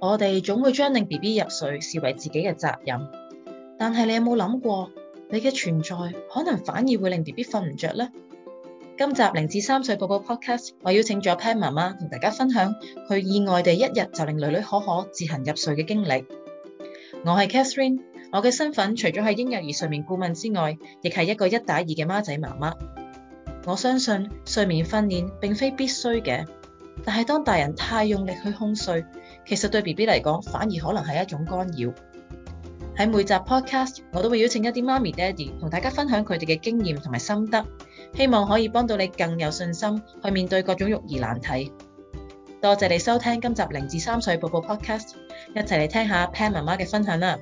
我哋總會將令 B B 入睡視為自己嘅責任，但係你有冇諗過，你嘅存在，可能反而會令 B B 瞓唔着呢？今集零至三歲寶寶 Podcast，我邀請咗 Pam 媽媽同大家分享，佢意外地一日就令囡囡可可自行入睡嘅經歷。我係 Catherine，我嘅身份除咗係嬰幼兒睡眠顧問之外，亦係一個一打二嘅孖仔媽媽。我相信睡眠訓練並非必須嘅。但係當大人太用力去哄睡，其實對 B B 嚟講反而可能係一種干擾。喺每集 Podcast，我都會邀請一啲媽咪爹哋同大家分享佢哋嘅經驗同埋心得，希望可以幫到你更有信心去面對各種育兒難題。多謝你收聽今集零至三歲寶寶 Podcast，一齊嚟聽下 Pam 媽媽嘅分享啦。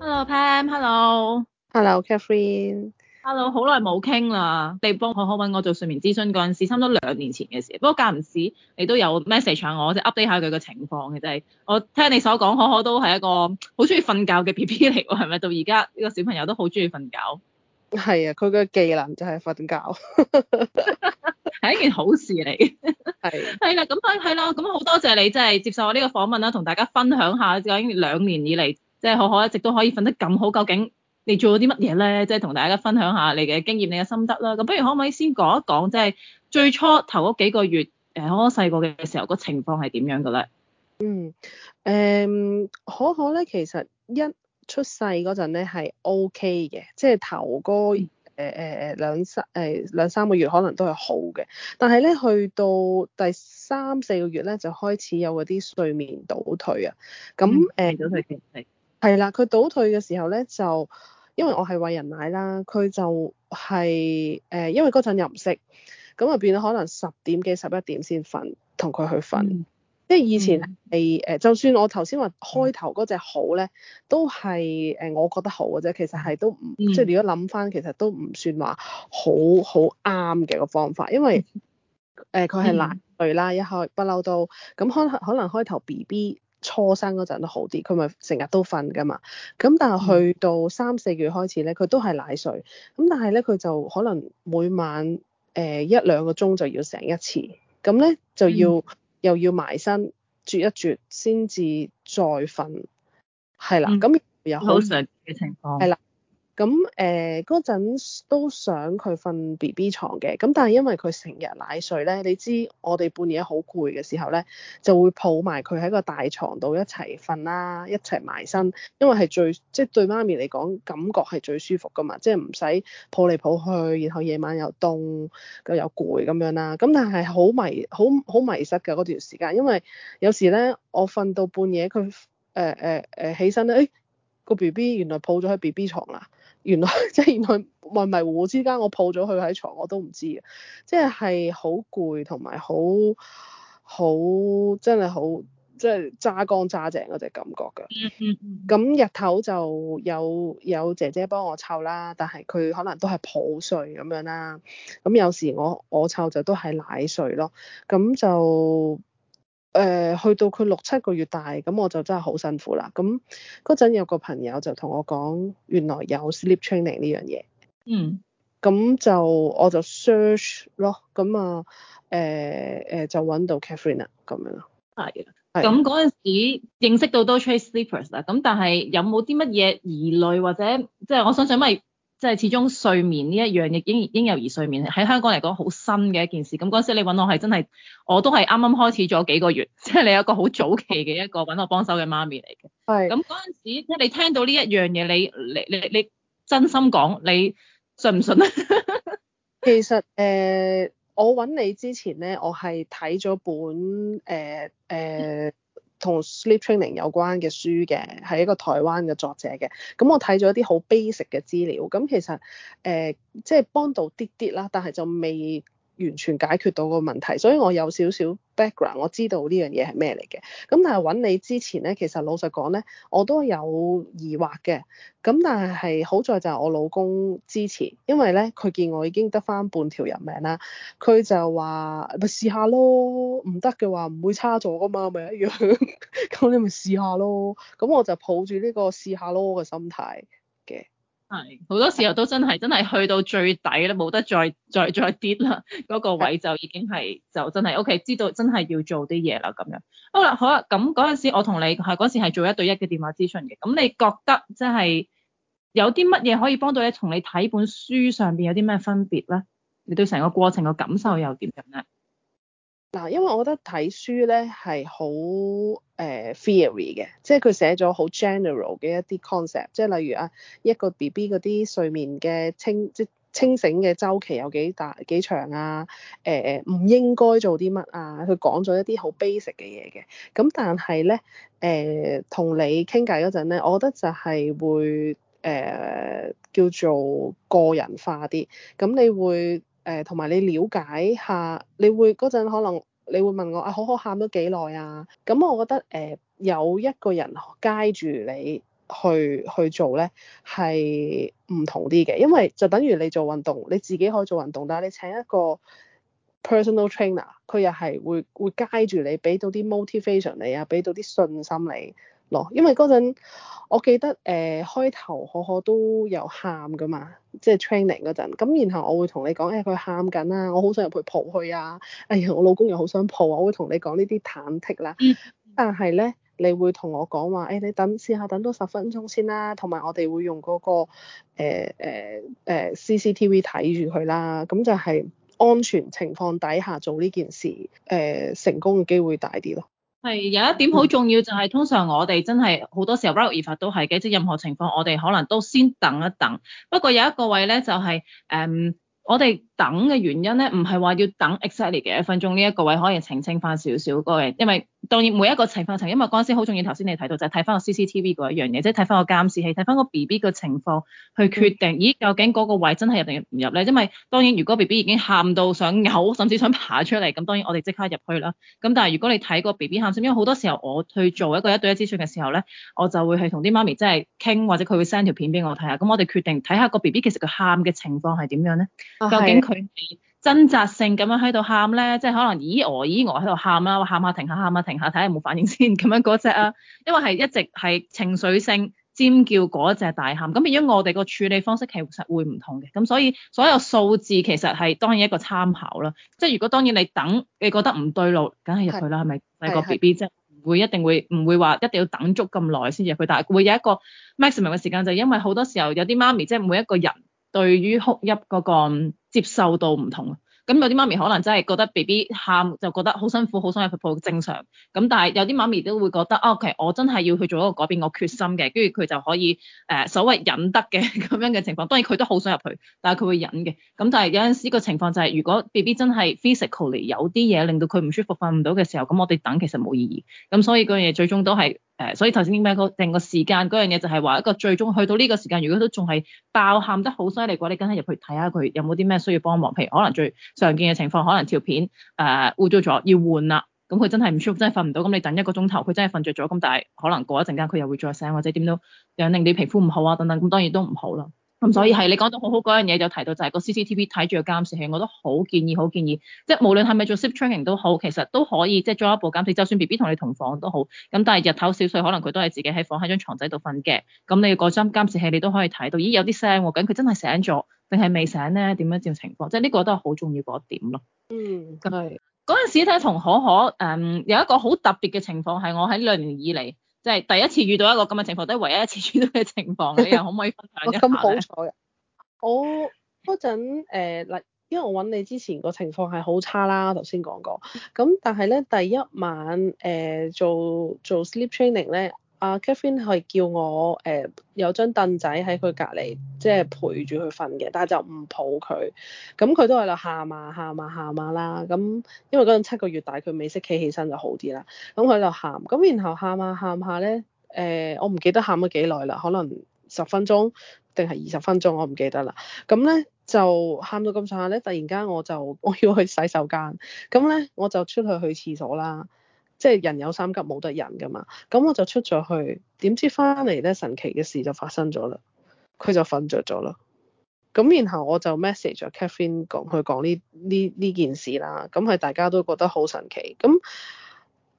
Hello，Pam。Hello。Hello，Catherine。Hello，好耐冇傾啦。你幫可可搵我做睡眠諮詢嗰陣時，差唔多兩年前嘅事。不過間唔時你都有 message 我，即 update 下佢嘅情況嘅。即係我聽你所講，可可都係一個好中意瞓覺嘅 BB 嚟，係咪？到而家呢個小朋友都好中意瞓覺。係啊，佢嘅技能就係瞓覺，係 一件好事嚟。係 的。係啦， 咁啊係啦，咁好多謝你即係接受我呢個訪問啦，同大家分享下，即係兩年以嚟，即係可可一直都可以瞓得咁好，究竟，你做咗啲乜嘢咧？即係同大家分享下你嘅經驗、你嘅心得啦。咁不如可唔可以先講一講，即係最初頭嗰幾個月，誒可可細個嘅時候個情況係點樣嘅咧？嗯，誒可可咧，其實一出世嗰陣咧係 O K 嘅，即係頭嗰誒誒誒兩三誒兩三個月可能都係好嘅，但係咧去到第三四個月咧就開始有嗰啲睡眠倒退啊。咁誒，倒退嘅係啦，佢倒退嘅時候咧就。因為我係餵人奶啦，佢就係、是、誒、呃，因為嗰陣又唔識，咁就變咗可能十點幾、十一點先瞓，同佢去瞓。即係以前係誒，嗯、就算我頭先話開頭嗰隻好咧，都係誒我覺得好嘅啫。其實係都唔，即係、嗯、如果諗翻，其實都唔算話好好啱嘅個方法，因為誒佢係奶類啦，一開不嬲到，咁可可能開頭 BB。初生嗰陣都好啲，佢咪成日都瞓噶嘛，咁但係去到三四月開始咧，佢都係奶水。咁但係咧佢就可能每晚誒、呃、一兩個鐘就要醒一次，咁咧就要、嗯、又要埋身啜一啜先至再瞓，係啦，咁、嗯嗯、有好常嘅情況，係啦。咁誒嗰陣都想佢瞓 BB 床嘅，咁但係因為佢成日奶睡咧，你知我哋半夜好攰嘅時候咧，就會抱埋佢喺個大床度一齊瞓啦，一齊埋身，因為係最即係對媽咪嚟講感覺係最舒服㗎嘛，即係唔使抱嚟抱去，然後夜晚又凍又又攰咁樣啦。咁但係好迷好好迷失㗎嗰段時間，因為有時咧我瞓到半夜佢誒誒誒起身咧，誒個 BB 原來抱咗喺 BB 床啦。原來即係原來迷迷糊糊之間我，我抱咗佢喺床我都唔知嘅，即係係好攰同埋好好真係好即係揸乾揸淨嗰隻感覺㗎。咁 日頭就有有姐姐幫我湊啦，但係佢可能都係抱睡咁樣啦。咁有時我我湊就都係奶睡咯，咁就。誒去到佢六七個月大，咁我就真係好辛苦啦。咁嗰陣有個朋友就同我講，原來有 sleep training 呢樣嘢。嗯。咁就我就 search 咯，咁啊誒誒、呃呃、就揾到 Katharina 咁樣啦。係啦的。咁嗰陣時認識到都 train sleepers 啦。咁但係有冇啲乜嘢疑慮或者即係、就是、我想想，咪。即係始終睡眠呢一樣嘢，嬰嬰幼兒睡眠喺香港嚟講好新嘅一件事。咁嗰陣時你揾我係真係，我都係啱啱開始咗幾個月，即係你有一個好早期嘅一個揾我幫手嘅媽咪嚟嘅。係是。咁嗰陣時即係你聽到呢一樣嘢，你你你你，你真心講你信唔信啊？ 其實誒、呃，我揾你之前咧，我係睇咗本誒誒。呃呃嗯同 sleep training 有關嘅書嘅，係一個台灣嘅作者嘅，咁我睇咗一啲好 basic 嘅資料，咁其實誒即係幫到啲啲啦，但係就未。完全解決到個問題，所以我有少少 background，我知道呢樣嘢係咩嚟嘅。咁但係揾你之前咧，其實老實講咧，我都有疑惑嘅。咁但係係好在就係我老公之前，因為咧佢見我已經得翻半條人命啦，佢就話咪試下咯，唔得嘅話唔會差咗噶嘛，咪一樣。咁 你咪試下咯。咁我就抱住呢個試下咯嘅心態。係，好多時候都真係，真係去到最底咧，冇得再再再跌啦，嗰、嗰個位就已經係就真係 OK，知道真係要做啲嘢啦咁樣。好啦，好啦，咁嗰陣時我同你係嗰時係做一對一嘅電話諮詢嘅，咁你覺得即係有啲乜嘢可以幫到你？同你睇本書上邊有啲咩分別咧？你對成個過程嘅感受又點樣咧？嗱，因為我覺得睇書咧係好誒 theory 嘅，即係佢寫咗好 general 嘅一啲 concept，即係例如啊一個 BB 嗰啲睡眠嘅清即清醒嘅週期有幾大幾長啊，誒、呃、唔應該做啲乜啊，佢講咗一啲好 basic 嘅嘢嘅，咁但係咧誒同你傾偈嗰陣咧，我覺得就係會誒、呃、叫做個人化啲，咁你會。誒同埋你了解下，你會嗰陣可能你會問我啊，好好喊咗幾耐啊？咁我覺得誒、呃、有一個人街住你去去做呢係唔同啲嘅，因為就等於你做運動，你自己可以做運動，但係你請一個 personal trainer，佢又係會會街住你，俾到啲 motivation 你啊，俾到啲信心你。咯，因為嗰陣我記得誒、呃、開頭可可都有喊㗎嘛，即係 training 嗰陣。咁然後我會同你講，誒佢喊緊啦，我好想入去抱佢啊，哎呀我老公又好想抱啊，我會同你講呢啲忐忑啦。但係咧，你會同我講話，誒、哎、你等，試下等多十分鐘先啦。同埋我哋會用嗰、那個誒誒、呃呃呃、CCTV 睇住佢啦。咁就係安全情況底下做呢件事，誒、呃、成功嘅機會大啲咯。係，有一點好重要就係、是，通常我哋真係好多時候不速而來都係嘅，即任何情況我哋可能都先等一等。不過有一個位咧，就係、是、誒、嗯，我哋等嘅原因咧，唔係話要等 exactly 嘅一分鐘呢一個位，可以澄清翻少少嗰位，因為。當然每一個情況，情因為嗰陣時好重要。頭先你睇到就係、是、睇翻個 CCTV 嗰一樣嘢，即係睇翻個監視器，睇翻個 B B 嘅情況去決定，咦，究竟嗰個位真係入定唔入咧？因為當然如果 B B 已經喊到想嘔，甚至想爬出嚟，咁當然我哋即刻入去啦。咁但係如果你睇個 B B 喊先，因為好多時候我去做一個一對一諮詢嘅時候咧，我就會係同啲媽咪即係傾，或者佢會 send 條片俾我睇下。咁我哋決定睇下個 B B 其實佢喊嘅情況係點樣咧？究竟佢掙扎性咁樣喺度喊咧，即係可能咦鵝咦鵝喺度喊啦，我喊下停下喊下停下睇下有冇反應先，咁樣嗰隻啊，因為係一直係情緒性尖叫嗰一隻大喊，咁變咗我哋個處理方式其實會唔同嘅，咁所以所有數字其實係當然一個參考啦，即係如果當然你等，你覺得唔對路，梗係入去啦，係咪是？但係個 B B 即係唔會一定會唔的會話一定要等足咁耐先入去，但係會有一個 maximum 嘅時間，就因為好多時候有啲媽咪即係每一個人。對於哭泣嗰個接受度唔同，咁有啲媽咪可能真係覺得 B B 喊就覺得好辛苦，好想入去抱正常。咁但係有啲媽咪都會覺得，哦、啊，okay，其實我真係要去做一個改變，我決心嘅，跟住佢就可以誒、呃、所謂忍得嘅咁樣嘅情況。當然佢都好想入去，但係佢會忍嘅。咁但係有陣時個情況就係、是，如果 B B 真係 physically 有啲嘢令到佢唔舒服，瞓唔到嘅時候，咁我哋等其實冇意義。咁所以嗰樣嘢最終都係。誒，所以頭先點解定個時間嗰樣嘢，就係話一個最終去到呢個時間，如果都仲係爆喊得好犀利嘅話，你梗係入去睇下佢有冇啲咩需要幫忙。譬如可能最常見嘅情況，可能條片誒污糟咗要換啦。咁佢真係唔舒服，真係瞓唔到。咁你等一個鐘頭，佢真係瞓着咗。咁但係可能過一陣間佢又會再醒，或者點都又令你皮膚唔好啊，等等。咁當然都唔好啦。咁、嗯、所以係你講到好好嗰樣嘢，就提到就係個 CCTV 睇住個監視器，我都好建議，好建議，即、就、係、是、無論係咪做 sleep training 都好，其實都可以即係、就是、裝一部監視，就算 BB 同你同房都好，咁但係日頭少歲可能佢都係自己喺房喺張床仔度瞓嘅，咁你嗰張監視器你都可以睇到，咦有啲聲喎，咁佢真係醒咗定係未醒咧？點樣照情況？即係呢個都係好重要嗰一點咯、嗯。嗯，咁啊，嗰陣時咧同可可誒有一個好特別嘅情況係我喺兩年以嚟。即係第一次遇到一個咁嘅情況，都係唯一一次遇到嘅情況。你又可唔可以分享一下咧？咁冇錯嘅，我嗰陣誒嗱，因為我揾你之前個情況係好差啦，頭先講過。咁但係咧，第一晚誒、呃、做做 sleep training 咧。阿 Katherine、uh, 係叫我誒、uh, 有張凳仔喺佢隔離，即、就、係、是、陪住佢瞓嘅，但係就唔抱佢。咁佢都喺度喊啊喊啊喊啊啦。咁、啊啊、因為嗰陣七個月大，佢未識企起身就好啲啦。咁佢喺度喊，咁然後喊啊喊下咧，誒、啊啊、我唔記得喊咗幾耐啦，可能十分鐘定係二十分鐘，我唔記得啦。咁咧就喊到咁上下咧，突然間我就我要去洗手間，咁咧我就出去去廁所啦。即係人有三急冇得忍噶嘛，咁我就出咗去，點知翻嚟咧，神奇嘅事就發生咗啦，佢就瞓着咗啦。咁然後我就 message 咗 Catherine 講佢講呢呢呢件事啦，咁係大家都覺得好神奇。咁誒、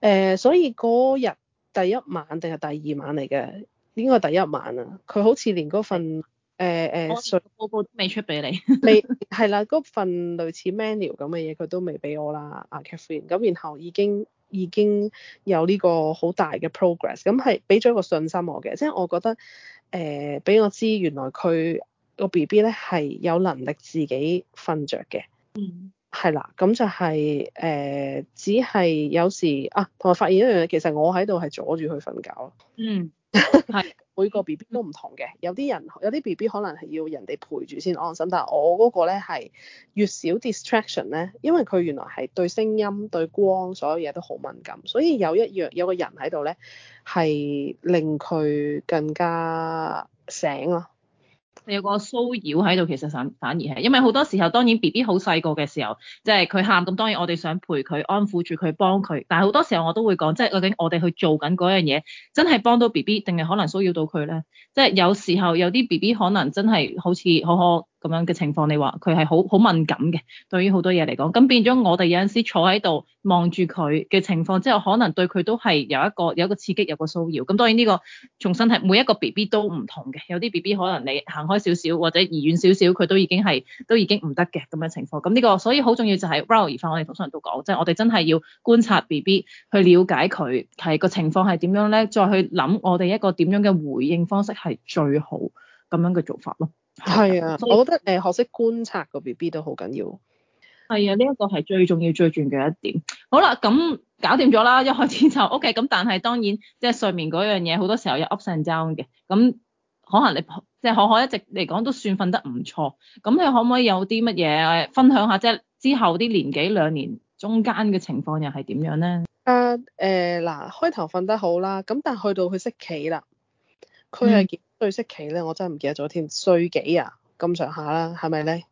呃，所以嗰日第一晚定係第二晚嚟嘅？應該係第一晚啊。佢好似連嗰份誒誒，的呃、我啲報告都未出俾你，未係啦，嗰份類似 manual 咁嘅嘢佢都未俾我啦，啊 Catherine。咁然後已經。已經有呢個好大嘅 progress，咁係俾咗一個信心我嘅，即係我覺得誒俾、呃、我知原來佢個 BB 咧係有能力自己瞓着嘅，嗯，係啦，咁就係、是、誒、呃、只係有時啊，同埋發現一樣嘢，其實我喺度係阻住佢瞓覺咯，嗯。係 每個 B B 都唔同嘅，有啲人有啲 B B 可能係要人哋陪住先安心，但係我嗰個咧係越少 distraction 咧，因為佢原來係對聲音、對光所有嘢都好敏感，所以有一樣有一個人喺度咧係令佢更加醒咯。有個騷擾喺度，其實反反而係，因為好多時候當然 B B 好細個嘅時候，即係佢喊，咁當然我哋想陪佢，安撫住佢，幫佢。但係好多時候我都會講，即係究竟我哋去做緊嗰樣嘢，真係幫到 B B 定係可能騷擾到佢咧？即係有時候有啲 B B 可能真係好似好好。咁樣嘅情況，你話佢係好好敏感嘅，對於好多嘢嚟講，咁變咗我哋有陣時坐喺度望住佢嘅情況之後，可能對佢都係有一個有一個刺激，有個騷擾。咁當然呢個重身體每一個 B B 都唔同嘅，有啲 B B 可能你行開少少或者移遠少少，佢都已經係都已經唔得嘅咁樣情況。咁呢個所以好重要就係 Raul 而家我哋通常都講，即係我哋真係要觀察 B B 去了解佢係個情況係點樣咧，再去諗我哋一個點樣嘅回應方式係最好咁樣嘅做法咯。係啊，以我覺得誒以學識觀察個 B B 都好緊要。係啊，呢一個係最重要最重嘅一點。好啦，咁搞掂咗啦，一開始就 O K。咁但係當然即係睡眠嗰樣嘢，好多時候有 up and down 嘅。咁可能你即係可可一直嚟講都算瞓得唔錯。咁你可唔可以有啲乜嘢分享下？即係之後啲年幾兩年中間嘅情況又係點樣咧？啊誒嗱，開頭瞓得好啦，咁但係去到佢識企啦，佢係、嗯。最對企咧，我真係唔記得咗添。歲幾啊？咁上下啦，係咪咧？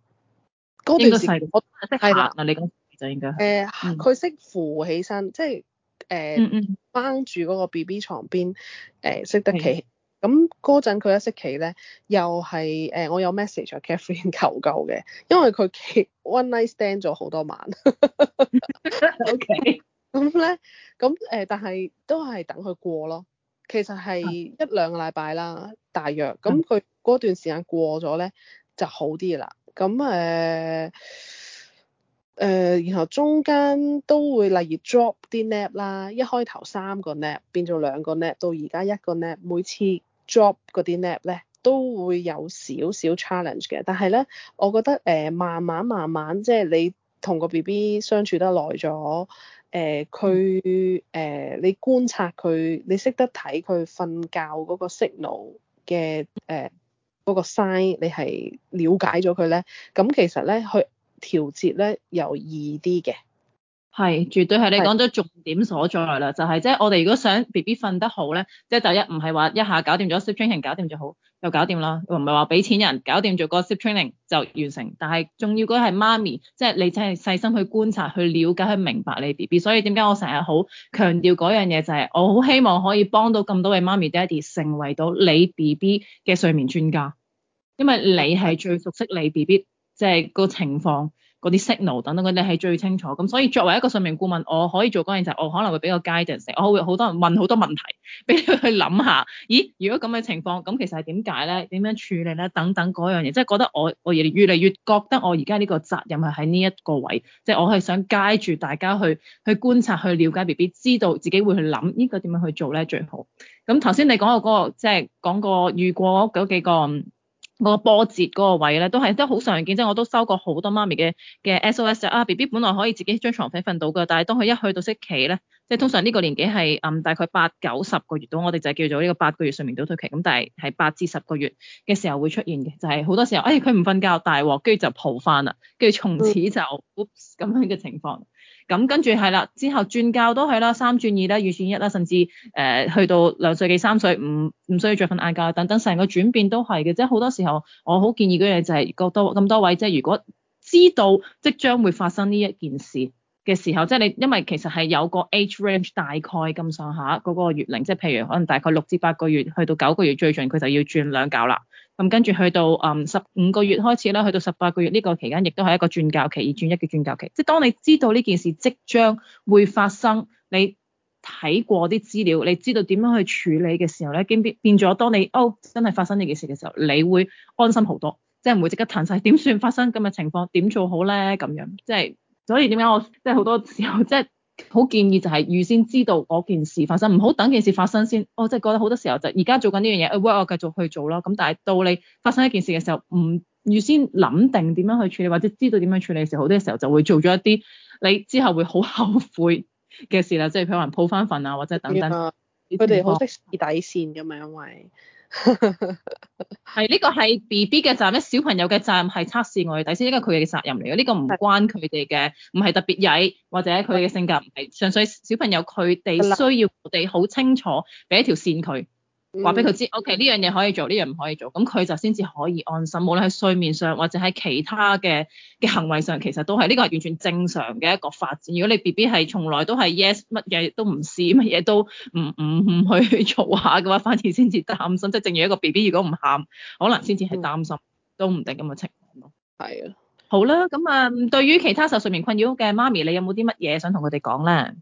嗰段時我識行啊，你講就應該。誒，佢識扶起身，即係誒，掹住嗰個 B B 床邊，誒，識得企。咁嗰陣佢一識企咧，又係誒，我有 message 啊，Catherine 求救嘅，因為佢企 one night stand 咗好多晚。O K。咁咧，咁誒，但係都係等佢過咯。其實係一兩個禮拜啦。大約咁，佢嗰段時間過咗咧，就好啲啦。咁誒誒，然後中間都會例如 drop 啲 nap 啦，一開頭三個 nap 變咗兩個 nap，到而家一個 nap。每次 drop 嗰啲 nap 咧，都會有少少 challenge 嘅。但係咧，我覺得誒、呃、慢慢慢慢，即係你同個 BB 相處得耐咗，誒佢誒你觀察佢，你識得睇佢瞓覺嗰個 signal。嘅誒、呃嗰個 size，你係了解咗佢咧，咁其實咧去調節咧有易啲嘅，係絕對係你講咗重點所在啦是、就係，就係即係我哋如果想 B B 瞓得好咧，即係第一唔係話一下搞掂咗 supplement 搞掂就好。又搞掂啦，又唔係話俾錢人搞掂做嗰個 sleep training 就完成，但係仲要嗰係媽咪，即係你真係細心去觀察、去了解、去明白你 B B。所以點解我成日好強調嗰樣嘢就係，我好希望可以幫到咁多位媽咪、爹哋，成為到你 B B 嘅睡眠專家，因為你係最熟悉你 B B 即係個情況。嗰啲 signal 等等，佢哋係最清楚。咁所以作為一個睡眠顧問，我可以做嗰樣就我可能會俾個 guidance，我會好多人問好多問題，俾佢去諗下。咦，如果咁嘅情況，咁其實係點解咧？點樣處理咧？等等嗰樣嘢，即係覺得我我越嚟越覺得我而家呢個責任係喺呢一個位，即係我係想街住大家去去觀察、去了解 B B，知道自己會去諗呢個點樣去做咧最好。咁頭先你講過嗰個，即係講過如果嗰幾個。我波折嗰個位咧，都係都好常見，即係我都收過好多媽咪嘅嘅 SOS。OS，啊，B B 本來可以自己張床墊瞓到嘅，但係當佢一去到識企咧，即係通常呢個年紀係嗯大概八九十個月到，我哋就叫做呢個八個月睡眠倒退期。咁但係係八至十個月嘅時候會出現嘅，就係、是、好多時候，哎佢唔瞓覺大鑊，跟住就抱翻啦，跟住從此就咁、呃、樣嘅情況。咁跟住係啦，之後轉教都係啦，三轉二啦，二轉一啦，甚至誒、呃、去到兩歲幾三歲，唔唔需要再瞓晏覺等等，成個轉變都係嘅。即係好多時候，我好建議嗰樣嘢就係個多咁多位，即係如果知道即將會發生呢一件事嘅時候，即係你，因為其實係有個 age range 大概咁上下嗰個月齡，即係譬如可能大概六至八個月，去到九個月最盡，佢就要轉兩教啦。咁跟住去到嗯十五個月開始啦，去到十八個月呢個期間，亦都係一個轉教期，二轉一嘅轉教期，即係當你知道呢件事即將會發生，你睇過啲資料，你知道點樣去處理嘅時候咧，經變咗，當你哦真係發生呢件事嘅時候，你會安心好多，即係唔會即刻彈晒點算發生咁嘅情況，點做好咧咁樣，即係。所以點解我即係好多時候即係好建議就係預先知道嗰件事發生，唔好等件事發生先。我即係覺得好多時候就而家做緊呢樣嘢，喂，我繼續去做咯。咁但係到你發生一件事嘅時候，唔預先諗定點樣去處理，或者知道點樣處理嘅時候，好多時候就會做咗一啲你之後會好後悔嘅事啦。即係譬如話抱返瞓呀，或者等等。佢哋好識試底線嘅嘛，因為。係呢、 這個係 B B 嘅責任，小朋友嘅責任係測試我哋底先，呢個佢嘅責任嚟嘅。呢、這個唔關佢哋嘅，唔係特別曳，或者佢嘅性格唔係，純粹小朋友佢哋需要我哋好清楚，俾一條線佢。話俾佢知，OK 呢樣嘢可以做，呢樣唔可以做，咁佢就先至可以安心。無論喺睡眠上或者喺其他嘅嘅行為上，其實都係呢、這個係完全正常嘅一個發展。如果你 B B 係從來都係 yes 乜嘢都唔試，乜嘢都唔唔唔去做下嘅話，反而先至擔心。即係正如一個 B B 如果唔喊，可能先至係擔心，嗯、都唔定咁嘅情況咯。係啊的，好啦，咁啊、嗯，對於其他受睡眠困擾嘅媽咪，你有冇啲乜嘢想同佢哋講咧？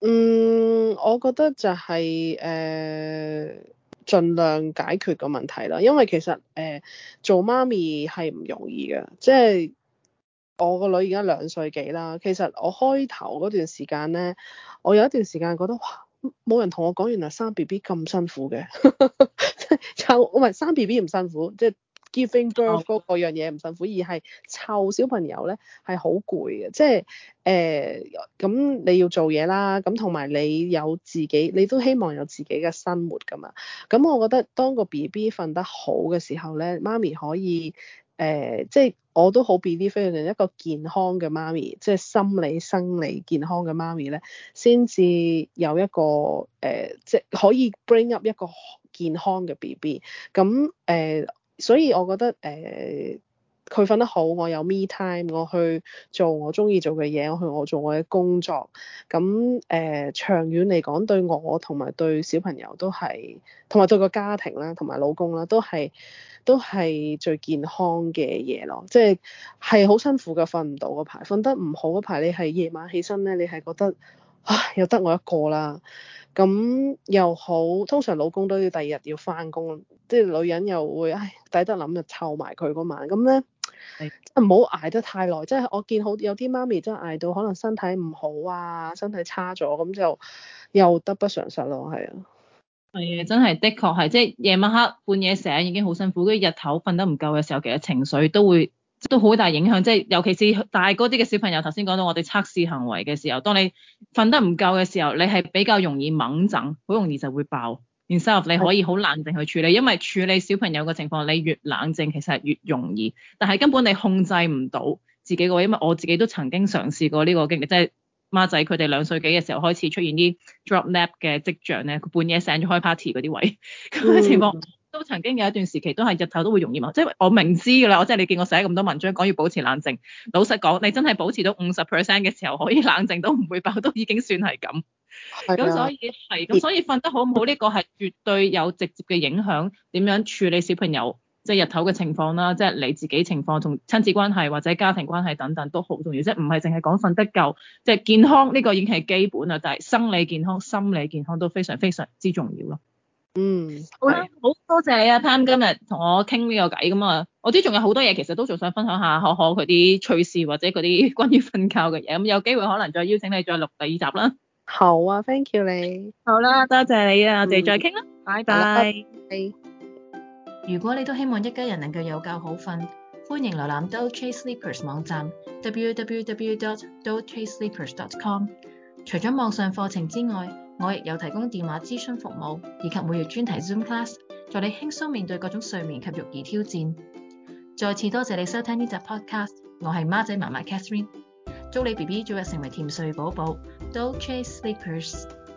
嗯，我覺得就係誒盡量解決個問題啦，因為其實誒、呃、做媽咪係唔容易嘅，即係，我個女而家兩歲幾啦。其實我開頭嗰段時間咧，我有一段時間覺得哇，冇人同我講原來生 B B 咁辛苦嘅， 就我唔係生 B B 唔辛苦，即係。Giving birth 嗰樣嘢唔辛苦，而係湊小朋友咧係好攰嘅，即係誒咁你要做嘢啦，咁同埋你有自己，你都希望有自己嘅生活㗎嘛。咁我覺得當個 B B 瞓得好嘅時候咧，媽咪可以誒、呃，即係我都好 believe 一樣一個健康嘅媽咪，即係心理生理健康嘅媽咪咧，先至有一個誒、呃，即係可以 bring up 一個健康嘅 B B。咁、呃、誒。所以我覺得誒佢瞓得好，我有 me time，我去做我中意做嘅嘢，我去我做我嘅工作。咁誒、呃、長遠嚟講，對我同埋對小朋友都係，同埋對個家庭啦、啊，同埋老公啦、啊，都係都係最健康嘅嘢咯。即係係好辛苦㗎，瞓唔到嗰排，瞓得唔好嗰排，你係夜晚起身咧，你係覺得。啊，又得我一個啦，咁又好，通常老公都要第二日要翻工，即係女人又會唉，抵得諗就湊埋佢嗰晚，咁咧，係，即係唔好捱得太耐，即係我見好有啲媽咪真係捱到可能身體唔好啊，身體差咗咁就又得不償失咯，係啊，係啊，真係的，的確係，即係夜晚黑半夜醒已經好辛苦，跟住日頭瞓得唔夠嘅時候，其實情緒都會都好大影響，即係尤其是大嗰啲嘅小朋友，頭先講到我哋測試行為嘅時候，當你瞓得唔夠嘅時候，你係比較容易矇陣，好容易就會爆。然後你可以好冷靜去處理，因為處理小朋友嘅情況，你越冷靜其實係越容易。但係根本你控制唔到自己個位，因為我自己都曾經嘗試過呢個經歷，即係孖仔佢哋兩歲幾嘅時候開始出現啲 drop nap 嘅跡象咧，佢半夜醒咗開 party 嗰啲位，咁情況。嗯都曾經有一段時期，都係日頭都會容易問，即係我明知㗎啦。我即係你見我寫咁多文章講要保持冷靜。老實講，你真係保持到五十 percent 嘅時候可以冷靜，都唔會爆，都已經算係咁。咁所以係，咁所以瞓得好唔好呢個係絕對有直接嘅影響。點樣處理小朋友即係日頭嘅情況啦，即係你自己情況同親子關係或者家庭關係等等都好重要。即係唔係淨係講瞓得夠，即係健康呢個已經係基本啊，但係生理健康、心理健康都非常非常之重要咯。嗯，好啦，好多謝你啊，Pam 今日同我傾呢個偈咁啊，我知仲有好多嘢，其實都仲想分享下可可佢啲趣事或者嗰啲關於瞓覺嘅嘢。咁有機會可能再邀請你再錄第二集啦。好啊，Thank you 你。好啦，多謝你啊，我哋再傾啦，拜拜。如果你都希望一家人能夠有覺好瞓，歡迎瀏覽 Doze Sleepers 網站 www.doze sleepers.com。除咗網上課程之外，我亦有提供電話諮詢服務，以及每月專題 Zoom Class，助你輕鬆面對各種睡眠及育兒挑戰。再次多謝你收聽呢集 Podcast，我係孖仔媽媽 Catherine，祝你 BB 早日成為甜睡寶寶 Chase Sleepers。